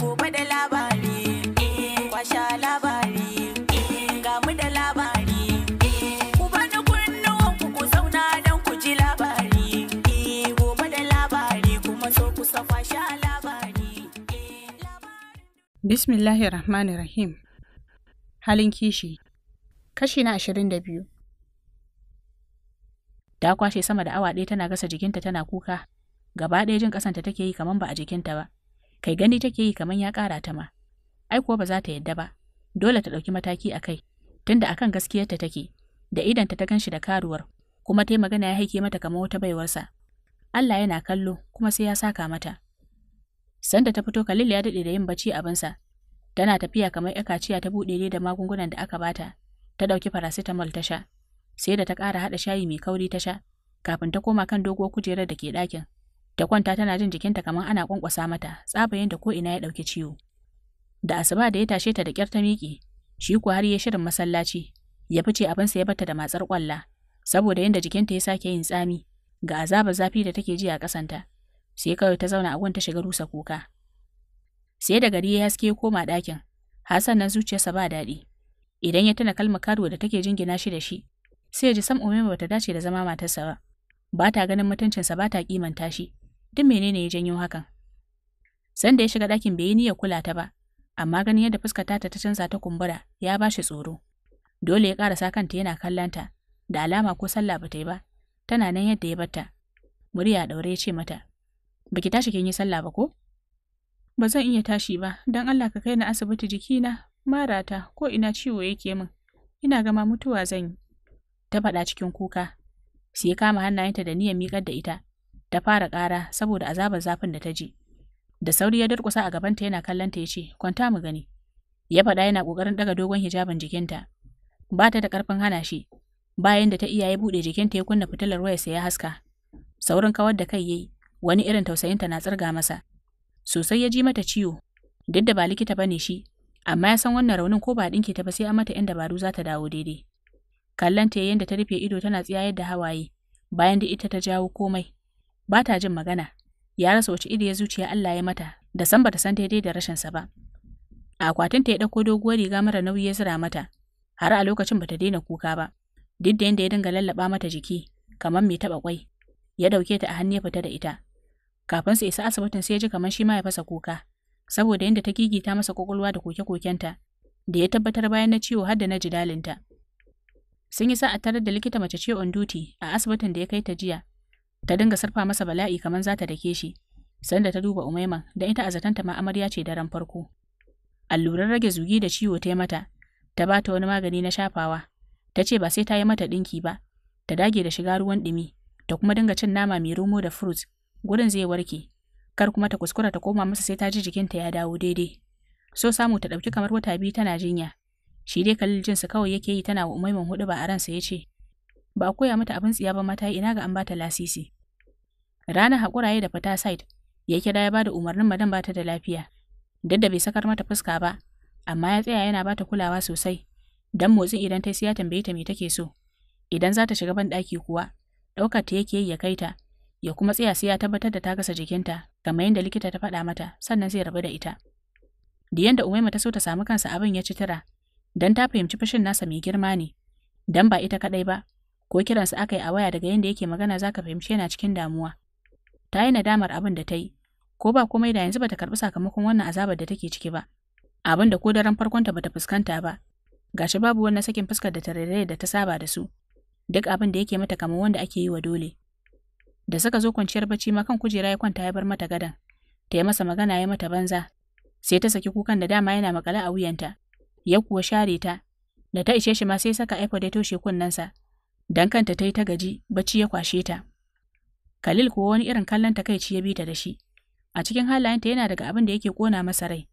gobe da labari eh, kwasha labari eh, ga mu da labari eh, ku bani kunnuwan ku ku zauna don ku ji labari gobe da labari kuma so ku sa kwasha labari bismillahir rahmanir rahim halin kishi kashi na ashirin da biyu ta kwashe sama da awa ɗaya tana gasa jikinta tana kuka gaba ɗaya jin ƙasanta take yi kamar ba a jikinta ba kai gani take yi kamar ya kara ta ma ai kuwa ba za ta yadda ba dole ta ɗauki mataki a kai tunda akan gaskiyarta take da idonta ta ganshi da karuwar kuma tai magana ya haike mata kamar wata baiwarsa Allah yana kallo kuma sai ya saka mata sanda ta fito Khalil ya daɗe da yin bacci sa tana tafiya kamar ya kaciya ta buɗe da magungunan da aka bata ta ɗauki paracetamol ta sha sai da ta ƙara haɗa shayi mai kauri ta sha kafin ta koma kan doguwar kujerar da ke dakin ta kwanta tana jin jikinta kamar ana kwankwasa mata tsabayin da ko ina ya ɗauki ciwo da asuba da ya tashe ta da kyar ta miƙe shi kuwa har ya shirin masallaci ya fice abinsa ya bata da matsar kwalla saboda yadda jikinta ya sake yin tsami ga azabar zafi da take ji a ƙasanta sai kawai ta zauna a gun ta shiga rusa kuka sai da gari ya haske ya koma ɗakin Hassan nan zuciyarsa ba daɗi idan ya tana kalmar karuwa da take jingina shi da shi sai ya ji sam umema bata dace da zama matarsa ba ba ta ganin mutuncinsa ba ta kimanta shi duk menene ya janyo hakan. Sanda ya shiga ɗakin bai yi niyyar kula ta ba, amma ganin yadda fuskata ta ta canza ta kumbura ya ba shi tsoro. Dole ya ƙarasa kanta yana kallanta, da alama ko sallah ba ta yi ba, tana nan yadda ya batta. Murya ɗaure ya ce mata, Baki tashi kin yi sallah ba ko? Ba zan iya tashi ba, don Allah ka kai na asibiti jikina, marata, ko ina ciwo yake min. Ina gama mutuwa zan yi. Ta faɗa cikin kuka, sai kama hannayenta da niyyar miƙar da ita, ta fara ƙara saboda azabar zafin da ta ji. Da sauri ya durƙusa a gabanta yana kallonta ya ce, "Kwanta mu gani." Ya faɗa yana ƙoƙarin ɗaga dogon hijabin jikinta. Ba ta da ƙarfin hana shi. Bayan da ta iya ya buɗe jikinta ya kunna fitilar wayarsa ya haska. Saurin kawar da kai yayi, wani irin tausayinta na tsirga masa. Sosai ya ji mata ciwo, duk da ba likita bane shi, amma ya san wannan raunin ko ba ɗinki ta ba sai an mata 'yan dabaru za ta dawo daidai. Kallon ta yayin da ta rufe ido tana tsiya yadda hawaye, bayan da ita ta jawo komai. ba ta jin magana, ya rasa wace iri ya zuciya Allah ya mata, da san bata san daidai da rashinsa ba. A ta ya dauko doguwar riga mara nauyi ya zira mata, har a lokacin bata daina kuka ba, duk da yadda ya dinga lallaɓa mata jiki, kamar mai taɓa kwai. Ya ɗauke ta a hannu ya fita da ita. Kafin su isa asibitin sai ya ji kamar shi ma ya fasa kuka, saboda yadda ta gigita masa kwakwalwa da koke-kokenta, da ya tabbatar bayan na ciwo har da na jidalinta. Sun yi sa'a tarar da likita mace ce on duty a asibitin da ya kai ta jiya, ta dinga sarfa masa bala'i kamar za ta dake shi sanda ta duba umaiman da ita a zatanta ma amarya ce daren farko allurar rage zugi da ciwo ta mata ta bata wani magani na shafawa ta ce ba sai ta yi mata ɗinki ba ta dage da shiga ruwan ɗumi ta kuma dinga cin nama mai romo da fruit gurin zai warke kar kuma ta kuskura ta koma masa sai ta ji jikinta ya dawo daidai so samu ta ɗauki kamar wata biyu tana jinya shi dai kalil jinsa kawai yake yi tana wa umaiman hudu ba a ransa ya ce ba a koya mata abin tsiya ba mata ina ga an bata lasisi. rana haƙuraye da fita site ya kira ya bada umarnin madan bata da lafiya. Duk da bai sakar mata fuska ba, amma ya tsaya yana bata kulawa sosai. Dan motsin idan ta siya tambaye ta me take so. Idan za ta shiga ban ɗaki kuwa, ɗaukar ta yake yi ya kai ta, ya kuma tsaya sai ya tabbatar da ta gasa jikinta, kamar yadda likita ta faɗa mata, sannan zai rabu da ita. da yadda Umaima ta so ta samu kansa abin ya ci tira, dan ta fahimci fushin nasa mai girma ne, dan ba ita kaɗai ba, ko kiransa aka yi a waya daga yadda yake magana za ka fahimci yana cikin damuwa. Ta yi nadamar abin da ta yi, ko ba komai da yanzu ba ta karɓi sakamakon wannan azabar da take ciki ba, abin da ko daren farkonta ta fuskanta ba, gashi babu wannan sakin fuskar da tarairayar da ta saba da su, duk abin da yake mata kamar wanda ake yi wa dole. Da suka zo kwanciyar bacci ma kan kujera ya kwanta ya bar mata gadan, ta yi masa magana ya mata banza, sai ta saki kukan da dama yana makale a wuyanta, ya kuwa share ta, da ta ishe shi ma sai saka iPod ya toshe kunnensa, Dan kanta ta yi ta gaji, bacci ya kwashe ta. Khalil kuwa wani irin kallon ta takaici ya bi ta da shi. A cikin halayenta yana daga abin da yake kona masa rai.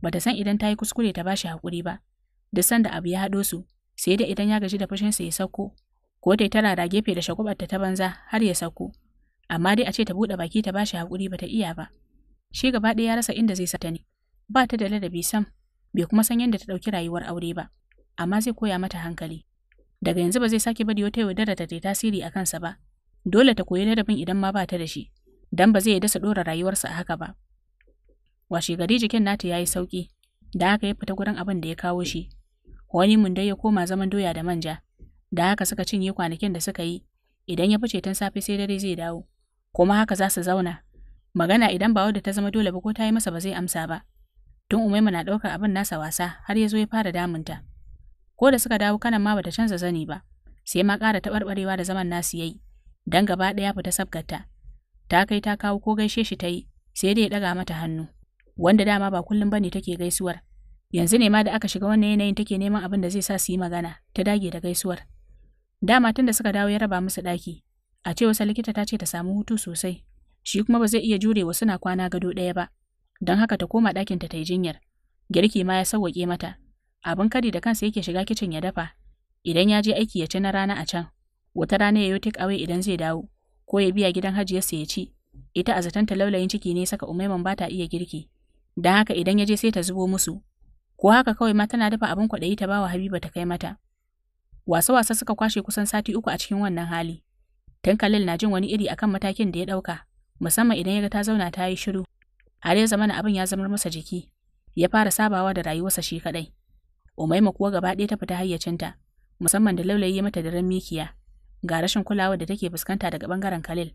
Bata san idan ta yi kuskure ta bashi hakuri ba. Duk sanda abu ya haɗo su, sai da idan ya gaji da fushinsa ya sauko, ko ta tara da gefe da shakubarta ta banza har ya sauko. Amma dai a ce ta buɗe baki ta bashi hakuri bata iya ba. Shi gaba ɗaya ya rasa inda zai sata ne. Ba ta da ladabi sam, bai kuma san yadda ta ɗauki rayuwar aure ba. Amma zai koya mata hankali. daga yanzu ba zai sake bari wata yaudara ta tasiri a kansa ba dole ta koyi ladabin idan ma bata da shi dan ba zai dasa dora rayuwarsa a haka ba washe gari jikin nata ya yi sauki da haka ya fita gurin abin da ya kawo shi wani mun ya koma zaman doya da manja da haka suka cinye kwanakin da suka yi idan ya fice tun safe sai dare zai dawo kuma haka za su zauna magana idan ba wadda ta zama dole ba ko ta yi masa ba zai amsa ba tun umaima na ɗaukar abin nasa wasa har ya zo ya fara damunta. ko da suka dawo kanan ma bata canza zani ba sai ma ƙara taɓarɓarewa da zaman nasu yayi dan gaba ɗaya fita sabgarta ta kai ta kawo ko gaishe shi ta yi sai dai ya ɗaga mata hannu wanda dama ba kullum ba ne take gaisuwar yanzu ne ma da aka shiga wannan yanayin take neman abin da zai sa su yi magana ta dage da gaisuwar dama tun da suka dawo ya raba musu ɗaki a ce wasa likita ta ce ta samu hutu sosai shi kuma ba zai iya jure jurewa suna kwana gado ɗaya ba don haka ta koma ɗakinta ta yi jinyar girki ma ya sauke mata Abin kari da kansa yake shiga kicin ya dafa, idan ya je aiki ya ci na rana a can, wata rana ya yi take away idan zai dawo, ko ya biya gidan sa ya ci, ita a zaton ta laulayin ciki ne saka umaiman ba ta iya girki, don haka idan ya je sai ta zubo musu, ko haka kawai ma tana dafa abin kwaɗayi ta bawa Habiba ta kai mata. Wasa-wasa suka kwashe kusan sati uku a cikin wannan hali. Tun Khalil na jin wani iri akan matakin da ya ɗauka, musamman idan ya ga ta zauna ta yi shiru. a ya zamana abin ya zama masa jiki, ya fara sabawa da rayuwarsa shi kaɗai. Umaima kuwa gaba ɗaya ta fita hayyacinta, musamman da laulayi mata da ran mikiya, ga rashin kulawar da take fuskanta daga bangaren Khalil.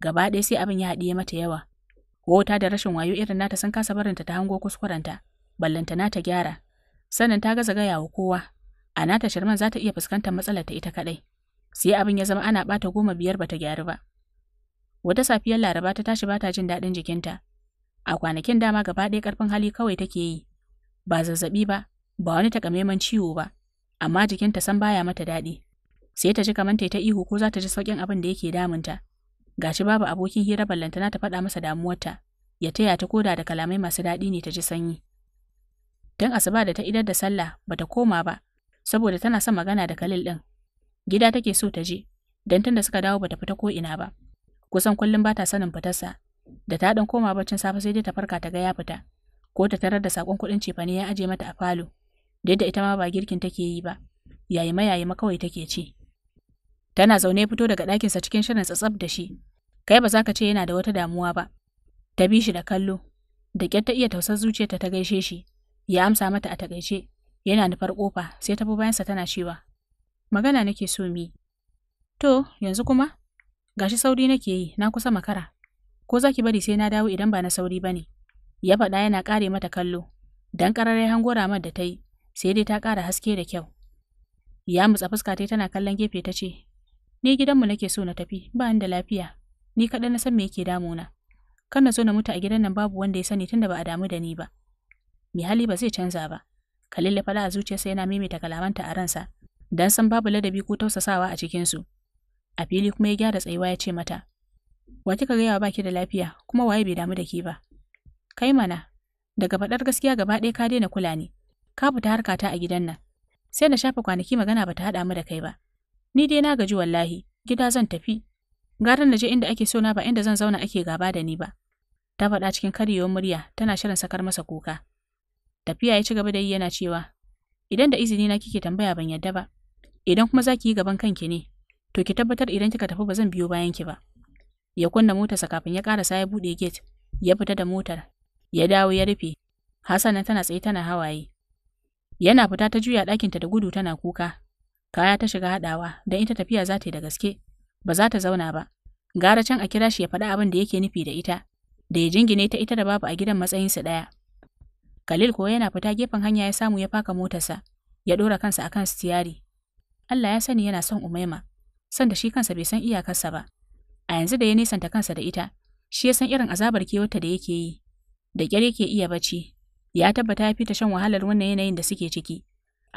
Gaba ɗaya sai abin ya haɗiye mata yawa. Wauta da rashin wayo irin nata sun kasa barinta ta hango kuskurenta, na ta gyara. Sannan ta gaza gaya wa kowa, a nata Sharman za ta iya fuskantar matsalar ta ita kaɗai. Sai abin ya zama ana ɓata goma biyar bata gyaru ba. Wata safiyar Laraba ta tashi bata jin daɗin jikinta. A kwanakin dama gaba ɗaya ƙarfin hali kawai take yi, ba zazzaɓi ba, ba wani takamaiman ciwo ba, amma jikinta san baya mata daɗi. Sai ta ji kamar ta ihu ko za ta ji sauƙin abin da yake damunta. Gashi babu abokin hira ballantana ta faɗa masa damuwarta, ya taya ta koda da kalamai masu daɗi ne ta ji sanyi. Tun asuba da ta idar da sallah ba ta koma ba, saboda tana son magana da Khalil ɗin. Gida take so ta je, don tun da suka dawo bata fita ko ina ba. Kusan kullum bata sanin fitarsa, da ta ɗan koma baccin safe sai dai ta farka ta ga ya fita, ko ta tarar da sakon kuɗin cefane ya aje mata a falo. da yadda ita ma ba girkin take yi ba, yayima yayima kawai take ci. Tana zaune fito daga ɗakinsa cikin shirin tsatsab da shi, kai ba za ka ce yana da wata damuwa ba. Ta bi shi da kallo, da ƙyar ta iya tausar zuciyarta ta gaishe shi, ya amsa mata a takaice, yana nufar ƙofa sai ta bi bayansa tana cewa, Magana nake so mi. To, yanzu kuma? Gashi sauri nake yi, na kusa makara. Ko za ki bari sai na dawo idan ba na sauri ba ne. Ya faɗa yana ƙare mata kallo, dan ƙararai hangora da ta yi, sai dai ta kara haske da kyau. Ya mutsa fuska ta tana kallon gefe ta ce, Ni gidanmu nake so na tafi, ba da lafiya, ni kaɗai na san me yake damuna. Kan na zo na mutu a gidan nan babu wanda ya sani tunda ba a damu da ni ba. Mai hali ba zai canza ba. Khalil ya faɗa a zuciyarsa yana maimaita kalamanta a ransa, dan san babu ladabi ko tausasawa a cikinsu. A fili kuma ya gyara tsayuwa ya ce mata, Wa kika gaya yawa baki da lafiya, kuma waye bai damu da ke ba? Kai mana, daga faɗar gaskiya gaba ɗaya ka daina kula ne. ka fita harkata a gidan nan. Sai na shafa kwanaki magana bata haɗa mu da kai ba. Ni dai na gaji wallahi, gida zan tafi. Garan na je inda ake so na ba inda zan zauna ake gaba da ni ba. Ta faɗa cikin karyewar murya tana shirin sakar masa kuka. Tafiya ya ci gaba da yi yana cewa, Idan da izini na kike tambaya ban yadda ba, idan kuma za ki yi gaban kanki ne, to ki tabbatar idan kika tafi ba zan biyo bayan ki ba. Ya kunna motarsa kafin ya karasa ya buɗe gate, ya fita da motar, ya dawo ya rufe. Hassana tana tsaye tana hawaye. Yana fita ta juya ɗakinta da gudu tana kuka. Kaya ta shiga haɗawa, don ita tafiya za ta yi da gaske, ba za ta zauna ba. Gara can a kira shi ya faɗi abin da yake nufi da ita, da ya jingine ta ita da babu a gidan matsayinsu ɗaya. Khalil kuwa yana fita gefen hanya ya samu ya faka motarsa, ya ɗora kansa a kan sitiyari. Allah ya sani yana son Umaima, San da shi kansa bai san iyakarsa ba. A yanzu da ya nisanta kansa da ita, shi ya san irin azabar kewarta da yake yi, da ƙyar yake iya bacci, ya tabbata ya fita shan wahalar wannan yanayin da suke ciki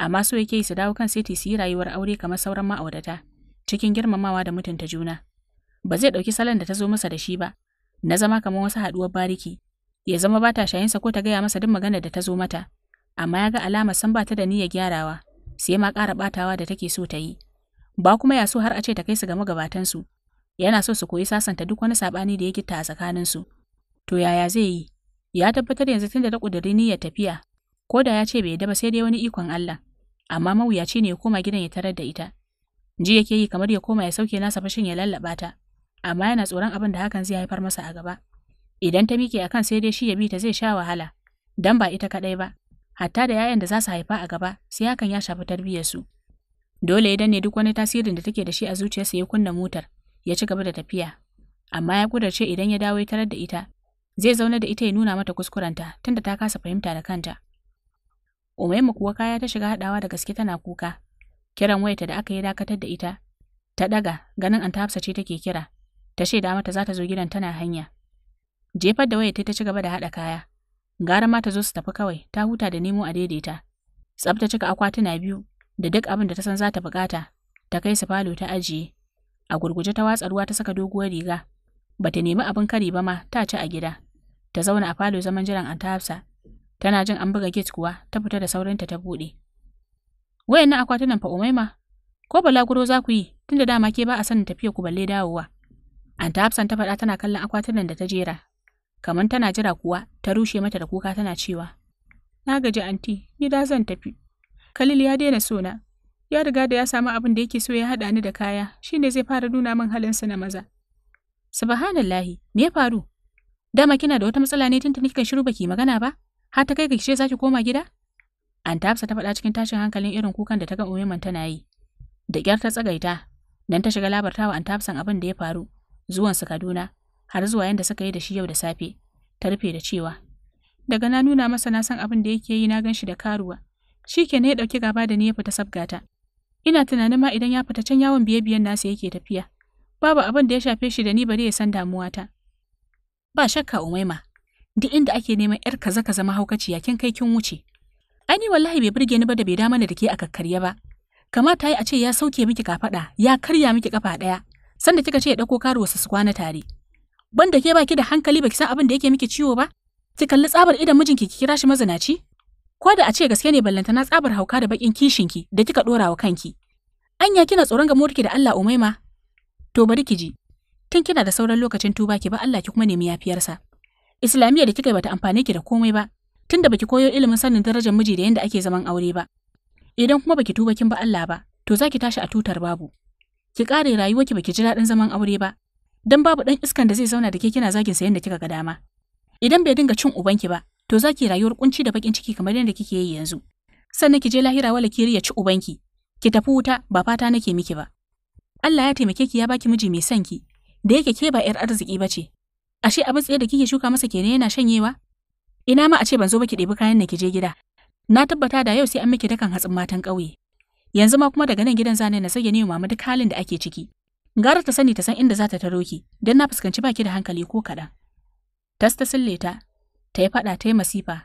amma so yake su dawo kan seti su yi rayuwar aure kamar sauran ma'aurata cikin girmamawa da mutunta juna ba zai ɗauki salon da ta zo masa da shi ba na zama kamar wasu haɗuwar bariki ya zama ba ta shayinsa ko ta gaya masa duk magana da ta zo mata amma ya ga alama san ba ta da niyyar gyarawa sai ma ƙara ɓatawa da take so ta yi ba kuma ya so har a ce ta kai su ga magabatansu yana so su koyi sasanta duk wani saɓani da ya gitta a tsakaninsu to yaya zai yi Ya tabbatar yanzu da ta ƙudiri niyyar tafiya, ko da ya ce bai yadda ba sai dai wani ikon Allah, amma mawuyaci ne ya koma gidan ya tarar da ita. Ji yake yi kamar ya koma ya sauke nasa fashin ya lallaɓa ta, amma yana tsoron abin da hakan zai haifar masa a gaba. Idan ta miƙe akan sai dai shi ya bi ta zai sha wahala, dan ba ita kadai ba, hatta da 'ya'yan da za su haifa a gaba sai hakan ya shafi su. Dole idan ne duk wani tasirin da take da shi a zuciyarsa ya kunna motar, ya ci gaba da tafiya. Amma ya kudarce idan ya dawo ya tarar da ita, Zai zauna da ita ya nuna mata kuskurenta tunda ta kasa fahimta da kanta. Umaimu kuwa kaya ta shiga haɗawa da gaske tana kuka. Kiran wayata da aka yi dakatar da ita. Ta ɗaga ganin an hafsa ce take kira. Ta shaida mata za ta zo gidan tana hanya. Jefar da wayarta ta ci gaba da haɗa kaya. Gara ma ta zo su tafi kawai, ta huta da nemo a daidaita. Tsabta cika akwatuna biyu da duk abin da ta san za ta buƙata. Ta kai su falo ta ajiye. A gurguje ta watsa ruwa ta saka doguwar riga. Ba ta nemi abin kari ba ma ta ci a gida. ta zauna a falo zaman jiran Anta Hafsa. Tana jin an buga gate kuwa, ta fita da saurinta ta buɗe. Wayannan akwatunan fa Umaima, ko balaguro za ku yi, tunda dama ke ba a sanin tafiya ku balle dawowa. Anta Hafsan ta faɗa tana kallon nan da ta jera. Kamar tana jira kuwa, ta rushe mata da kuka tana cewa, Na gaji anti, ni da zan tafi. Kalili ya daina sona. Ya riga da ya samu abin da yake so ya haɗa ni da kaya, shine zai fara nuna min halin sa na maza. Subhanallahi, me ya faru? Dama kina da wata matsala ne tunda kika shiru baki magana ba? Har ta kai za ki koma gida? Anta ta faɗa cikin tashin hankalin irin kukan da ta ga Umaiman tana yi. Da kyar ta tsagaita, dan ta shiga labartawa ta Hafsan abin da ya faru, zuwan su Kaduna, har zuwa yanda suka yi da shi yau da safe. Ta rufe da cewa, daga na nuna masa na san abin da yake yi na ganshi da karuwa. Shi ke ne ya ɗauki gaba da ni ya fita sabgata. Ina tunanin ma idan ya fita can yawon biye-biyen nasa yake tafiya. Babu abin da ya shafe shi da ni bari ya san damuwata. Ba shakka Umaima, duk inda ake neman ‘yar kaza kaza mahaukaciya kin kai kin wuce. Ai ni wallahi bai burge ni ba da bai da mana da ke a kakkarye ba. Kamata yi a ce ya sauke miki kafaɗa, ya karya miki kafa ɗaya, sanda kika ce ya ɗauko wasu su kwana tare. Banda ke baki da hankali baki san abin da yake miki ciwo ba? Ki kalli tsabar idan mijinki ki kira shi mazinaci? Ko da a ce gaske ne ballanta na tsabar hauka da bakin kishinki da kika ɗora wa kanki. Anya kina tsoron gamuwarki da Allah Umaima? To bari ki ji, tun kina da sauran lokacin tuba ki ba Allah ki kuma nemi yafiyarsa islamiyya da kika bata amfane ki da komai ba tunda baki koyo ilimin sanin darajar miji da yadda ake zaman aure ba idan kuma baki tuba kin ba Allah ba to za ki tashi a tutar babu ki kare rayuwarki baki ji daɗin zaman aure ba dan babu ɗan iskan da zai zauna da ke kina zagin sa yadda kika ga dama idan bai dinga cin ubanki ba to za ki rayuwar kunci da bakin ciki kamar yadda kike yi yanzu sannan ki je lahira wala ki riya ci uban ki tafi wuta ba fata nake miki ba Allah ya taimake ki ya baki miji mai son ki da yake ke ba 'yar arziki ba ce. Ashe abin tsaye da kike shuka masa kenan yana shanyewa? Ina ma a ce ban zo ba ki ɗebi kayan na ki je gida. Na tabbata da yau sai an miki dakan hatsin matan ƙauye. Yanzu ma kuma daga nan gidan zane na sage ne mama duk halin da ake ciki. Gara ta sani ta san inda za ta taro ki, don na fuskanci baki da hankali ko kaɗan. Tas ta silleta, ta ta yi faɗa ta yi masifa,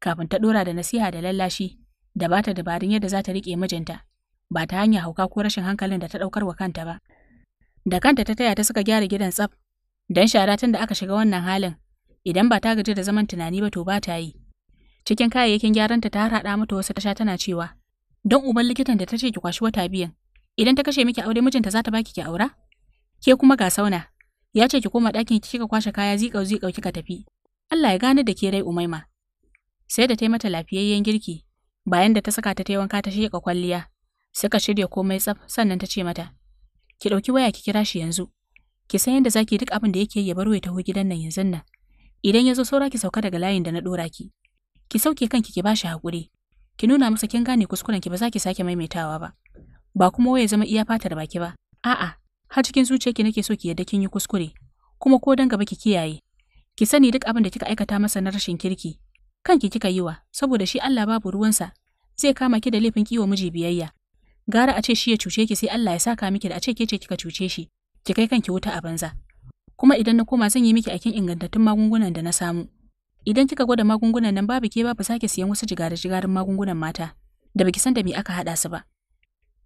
kafin ta dora da nasiha da lallashi, da ba ta dabarun yadda za ta riƙe mijinta, ba ta hanya hauka ko rashin hankalin da ta ɗaukar wa kanta ba. Da kanta ta taya ta suka gyara gidan tsaf, don shara tun da aka shiga wannan halin, idan ba ta gaji da zaman tunani ba to ba ta yi. Cikin kayayyakin gyaran ta haɗa mata wasu tasha tana cewa, don uban likitan da ta ce ki kwashi wata biyan, idan ta kashe miki aure mijinta za ta baki ki aura? Ke kuma ga sauna, ya ce ki koma ɗakin ki kika kwashe kaya zikau zikau kika tafi. Allah ya gane da ke rai umaima. Sai da ta mata lafiyayyen girki, bayan da ta saka ta ta wanka ta sheƙa kwalliya, suka shirya komai tsaf sannan ta ce mata, ki ɗauki waya ki kira shi yanzu ki san yadda zaki duk abin da yake ya baro ya taho gidan nan yanzu nan idan ya zo saura ki sauka daga layin da na ɗora ki ki sauke kanki ki bashi haƙuri ki nuna masa kin gane kuskuren ki ba za ki sake maimaitawa ba ba kuma waya zama iya fatar baki ba a'a har cikin zuciyarki nake so ki yarda kin yi kuskure kuma ko dan gaba ki kiyaye ki sani duk abin da kika aikata masa na rashin kirki kanki kika yi wa saboda shi Allah babu ruwansa zai kama ki da laifin kiwo miji biyayya Gara a ce shi ya cuce ki sai Allah ya saka miki da a ce ke ce kika cuce shi, ki kai kanki wuta a banza. Kuma idan na koma zan yi miki aikin ingantattun magungunan da na samu. Idan kika gwada magungunan nan babu ke babu sake siyan wasu jigare-jigaren magungunan mata da baki san da me aka hada su ba.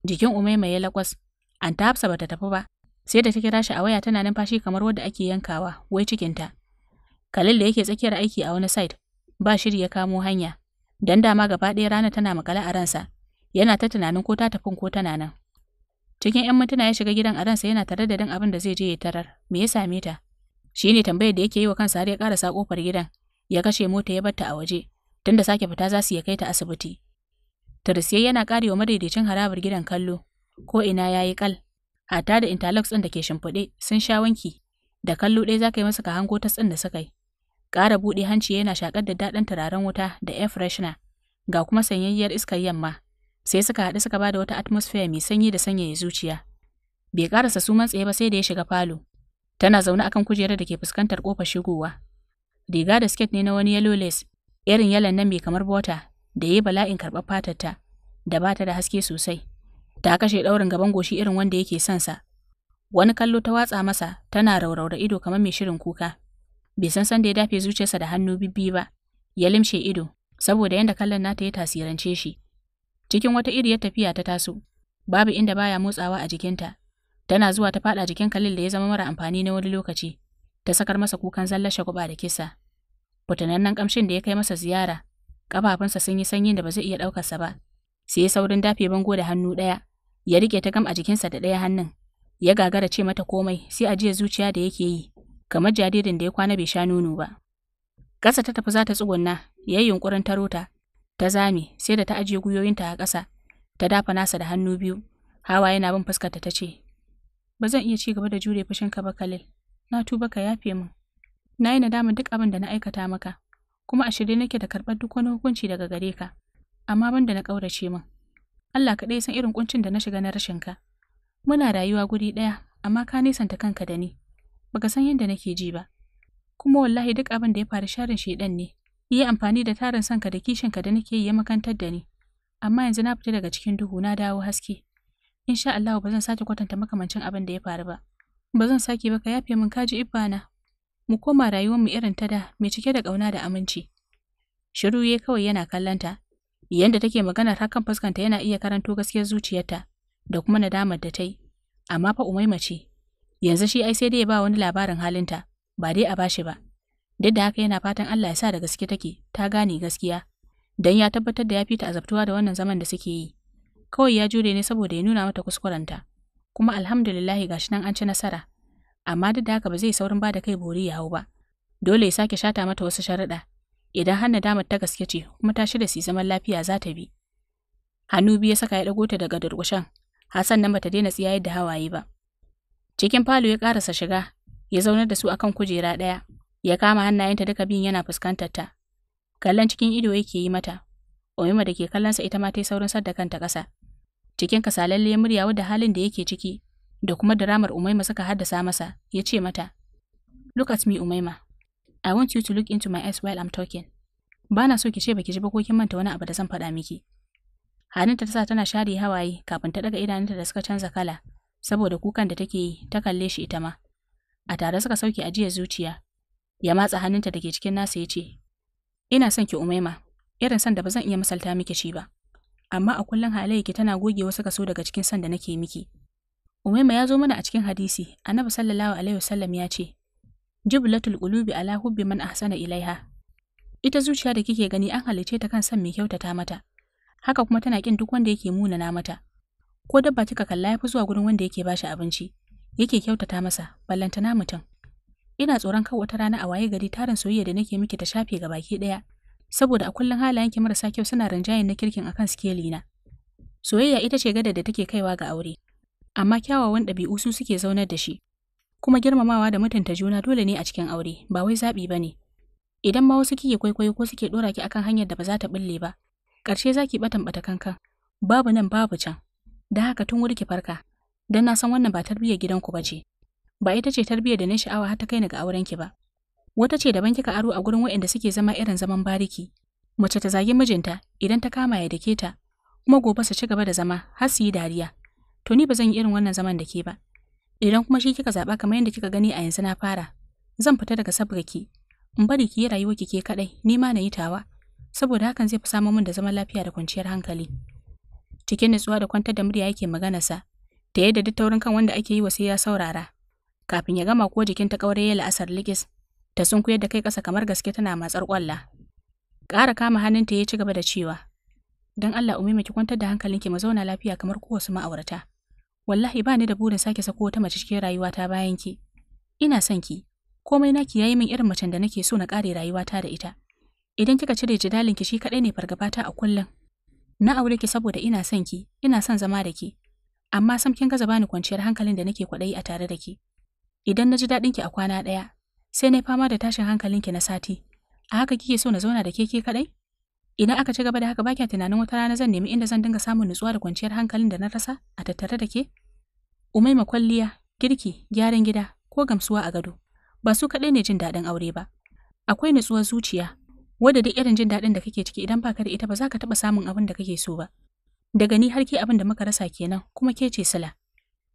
Jikin Umayma ya lakwas, an ta hafsa bata tafi ba, sai da ta kira shi a waya tana numfashi kamar wadda ake yankawa, wai cikinta. Khalil da yake tsakiyar aiki a wani site, ba shiri ya kamo hanya, dan dama gaba ɗaya rana tana makale a ransa, yana ta tunanin ko ta tafin ko tana nan. Cikin 'yan mintuna ya shiga gidan a ransa yana tare da abin da zai je ya tarar, me ya same ta? Shi ne tambayar da yake yi wa kansa har ya ƙarasa ƙofar gidan, ya kashe mota ya bar ta a waje, tunda sake fita za su ya kai ta asibiti. Tarsiyai yana ƙare wa madaidaicin harabar gidan kallo, ko ina ya yi ƙal. Hata da interlocks ɗin da ke shimfiɗe sun sha wanki, da kallo ɗaya za ka yi masa ka hango tas ɗin da suka yi. Ƙara buɗe hanci yana shaƙar da daɗin turaren wuta da air freshener, ga kuma sanyayyar iskar yamma sai suka haɗu suka ba da wata atmosphere mai sanyi da sanyaya zuciya. Bai ƙarasa suman tsaye ba sai da ya shiga falo. Tana zaune akan kujerar da ke fuskantar ƙofar shigowa. Riga da sket ne na wani yellow lace, irin yalan nan mai kamar bota, da ya yi bala'in karɓar ta, da ba ta da haske sosai. Ta kashe ɗaurin gaban goshi irin wanda yake son sa. Wani kallo ta watsa masa, tana raurau da ido kamar mai shirin kuka. Bai san san da ya dafe zuciyarsa da hannu bibbi ba, ya limshe ido, saboda yadda kallon nata ya tasirance shi. Cikin wata iriyar tafiya ta taso, babu inda baya motsawa a jikinta. Tana zuwa ta faɗa jikin Khalil da ya zama mara amfani na wani lokaci, ta sakar masa kukan zallar shaguba da kisa. nan kamshin da ya kai masa ziyara, kafafunsa sun yi sanyin da ba zai iya sa ba. Sai saurin dafe bango da hannu ɗaya, ya riƙe ta gam a jikinsa da ɗaya hannun. Ya gagara ce mata komai sai a jiya zuciya da yake yi, kamar jaririn da ya kwana bai sha nono ba. Ƙasa ta tafi za ta tsugunna, ya yi yunƙurin taro Ta zame, sai da ta ajiye gwiwoyinta a ƙasa, ta dafa nasa da hannu biyu, hawa yana bin fuskarta ta ce, Ba zan iya ci gaba da jure fushinka ba Khalil, na tuba ka yafe min. Na yi nadama duk abin da na aikata maka, kuma a shirye nake da karɓar duk wani hukunci daga gare ka, amma ban da na ƙaurace min. Allah kaɗai san irin kuncin da na shiga na rashin ka. Muna rayuwa guri ɗaya, amma ka nisanta kanka da ni. Baka san yadda nake ji ba. Kuma wallahi duk abin da ya faru sharin shaidan ne. yi amfani da tarin sanka da kishinka da nake yi ya makantar da ni amma yanzu na fita daga cikin duhu na dawo haske insha Allah ba zan sake kwatanta makamancin abin da ya faru ba ba zan sake ba ka yafe min kaji ibana mu koma rayuwar mu irin ta da mai cike da kauna da aminci shiru ye kawai yana kallanta yanda take maganar hakan fuskanta yana iya karanto gaskiyar zuciyarta da kuma nadamar da ta yi amma fa umaima ce yanzu shi ai sai dai ya ba wani labarin halinta ba dai a bashi ba Duk da haka yana fatan Allah ya sa da gaske take, ta gane gaskiya, Dan ya tabbatar da ya fita azabtuwa da wannan zaman da suke yi. Kawai ya jure ne saboda ya nuna mata kuskurenta, kuma alhamdulillahi gashi nan an ci nasara. Amma duk da haka ba zai saurin ba da kai bori ya hau ba. Dole ya sake shata mata wasu sharuɗa. Idan har damar ta gaske ce, kuma ta shirya su zaman lafiya za ta bi. Hannu biyu ya saka ya ɗago ta daga durƙushen, Hassan nan bata daina tsiyayar da hawaye ba. Cikin falo ya ƙarasa shiga, ya zaunar da su akan kujera ɗaya, ya kama hannayenta duka biyun yana fuskantar ta. Kallon cikin ido yake yi mata. Oyuma da ke kallonsa ita ma ta yi saurin sadda kanta ƙasa. Cikin kasalalle murya wadda halin da yake ciki da kuma diramar Umaima suka haddasa masa, ya ce mata, Look at me, Umaima. I want you to look into my eyes while I'm talking. Ba so ki ce baki ji ba ko kin manta wani abu da zan faɗa miki. Haninta ta sa tana share hawaye kafin ta daga idanunta da suka canza kala saboda kukan da take yi ta kalle shi ita ma. A tare suka sauke ajiyar zuciya ya matsa hannunta da ke cikin nasa ya ce, Ina son ki umaima, irin son da ba zan iya misalta miki shi ba, amma a kullum halayyaki tana goge wasu kaso daga cikin son da nake miki. Umaima ya zo mana a cikin hadisi, Annabi sallallahu alaihi wasallam ya ce, Jiblatul qulubi ala hubbi man ahsana ilaiha. Ita zuciya da kike gani an halice ta kan san mai kyautata mata. Haka kuma tana kin duk wanda yake munana mata. Ko dabba kika kalla fi zuwa gurin wanda yake bashi abinci, yake kyautata masa, ballantana mutum. Ina tsoron kai wata rana a waye gari tarin soyayya da nake miki ta shafe ga baki ɗaya, saboda a halayen ki marasa kyau suna rinjayen na kirkin akan sikeli na. Soyayya ita ce gadar da take kaiwa ga aure, amma kyawawan ɗabi'u su suke zaunar da shi. Kuma girmamawa da mutunta juna dole ne a cikin aure, ba wai zaɓi ba ne. Idan ma wasu kike kwaikwayo ko suke ɗora ki akan hanyar da ba za ta bulle ba, ƙarshe za ki bata ɓata kankan, babu nan babu can. Da haka tun wuri ki farka, Dan na san wannan ba tarbiyyar gidanku ba ce. ba ita ce tarbiyyar da na sha'awa har ta kai ni ga auren ki ba. Wata ce daban kika aro a gurin waɗanda suke zama irin zaman bariki. Mace ta zagi mijinta idan ta kama ya dake ta, kuma gobe su ci gaba da zama har su yi dariya. To ni ba zan yi irin wannan zaman da ke ba. Idan kuma shi kika zaɓa kamar yadda kika gani a yanzu na fara, zan fita daga sabga ki In bari ki yi rayuwar ki ke kaɗai, ni ma na yi tawa. Saboda hakan zai fi samun min da zaman lafiya da kwanciyar hankali. Cikin nutsuwa da kwantar da murya yake maganarsa, da yadda duk taurin kan wanda ake yi wa sai ya saurara. kafin ya gama ko jikin ta ƙaure ya la'asar ligis, ta sunkuyar da kai kasa kamar gaske tana matsar kwalla Ƙara kama hannunta ya ci gaba da cewa, Don Allah umima miki kwantar da hankalinki mu zauna lafiya kamar kowace ma'aurata. Wallahi ba ni da burin sake sako wata mace cikin rayuwata bayan ki. Ina son ki, komai naki yayi min irin macen da nake so na ƙare rayuwata da ita. Idan kika cire ki shi kaɗai ne fargabata a kullum. Na aure ki saboda ina son ki, ina son zama da ki. Amma sam kin gaza bani kwanciyar hankalin da nake kwaɗayi a tare da ki. Idan na ji daɗin ki a kwana ɗaya, sai na fama da tashin hankalin ki na sati. A haka kike so na zauna da keke kaɗai? Idan aka ci gaba da haka ba kya tunanin wata rana zan nemi inda zan dinga samun nutsuwa da kwanciyar hankalin da na rasa a tattare da ke? umai ma kwalliya, girki, gyaran gida, ko gamsuwa a gado. Ba su kaɗai ne jin daɗin aure ba. Akwai nutsuwar zuciya, wadda duk irin jin daɗin da kake ciki idan baka da ita ba za ka taɓa samun abin da kake so ba. Daga ni har ke abin da muka rasa kenan kuma ke ce sila.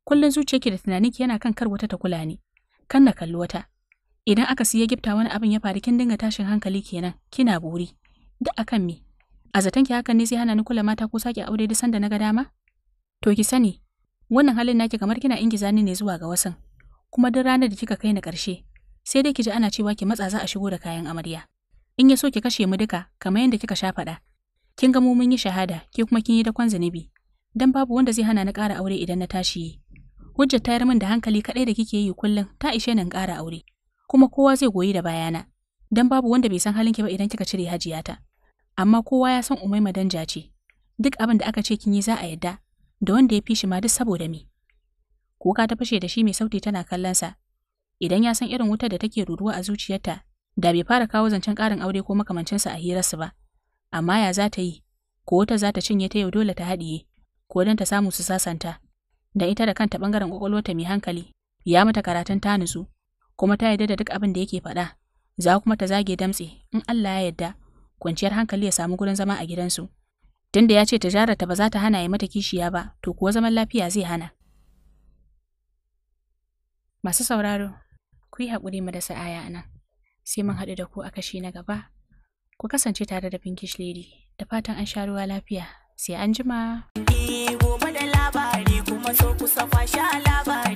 Kullum ke da tunaninki yana kan kar wata ta kula ne, kan na kalli wata. Idan aka siya gifta wani abin ya faru kin dinga tashin hankali kenan, kina buri. Duk akan me? A zaton ki hakan ne sai hana ni kula mata ko saki aure duk sanda naga dama? To ki sani, wannan halin naki kamar kina ingiza ni ne zuwa ga wasan. Kuma duk ranar da kika kai ni karshe. sai dai ki ji ana cewa ki matsa za a shigo da kayan amarya. In ya so ki kashe mu duka kamar yadda kika sha faɗa. Kin ga mu mun yi shahada, ke kuma kin yi dakon zunubi. Dan babu wanda zai hana ni ƙara aure idan na tashi. Hujjar tayar min da hankali kaɗai da kike yi kullum ta ishe nan ƙara aure. Kuma kowa zai goyi da bayana. Dan babu wanda bai san halin ki ba idan kika cire hajiyata. Amma kowa ya san Umaima madanja ce. Duk abin da aka ce kin yi za a yadda. Da wanda ya fi shi ma duk saboda me. Kuka ta fashe da shi mai sauti tana kallon sa. Idan ya san irin wutar da take ruruwa a zuciyarta, da bai fara kawo zancen ƙarin aure ko makamancin sa a hirarsu ba. Amma ya za ta yi, ko wata za ta cinye ta yau dole ta haɗiye, ko don ta samu su sasanta. da ita da kanta bangaren kwakwalwarta mai hankali ya mata karatun ta nutsu kuma ta yarda da duk abin da yake faɗa za kuma ta zage damtse in Allah ya yarda kwanciyar hankali ya samu gurin zama a gidansu tunda ya ce ta ba za ta hana ya mata kishiya ba to kuwa zaman lafiya zai hana masu sauraro ku yi haƙuri mu da sa'aya nan sai mun haɗu da ku a kashi na gaba ku kasance tare da pinkish lady da fatan an sha ruwa lafiya sai an jima so kusa kwashe labarai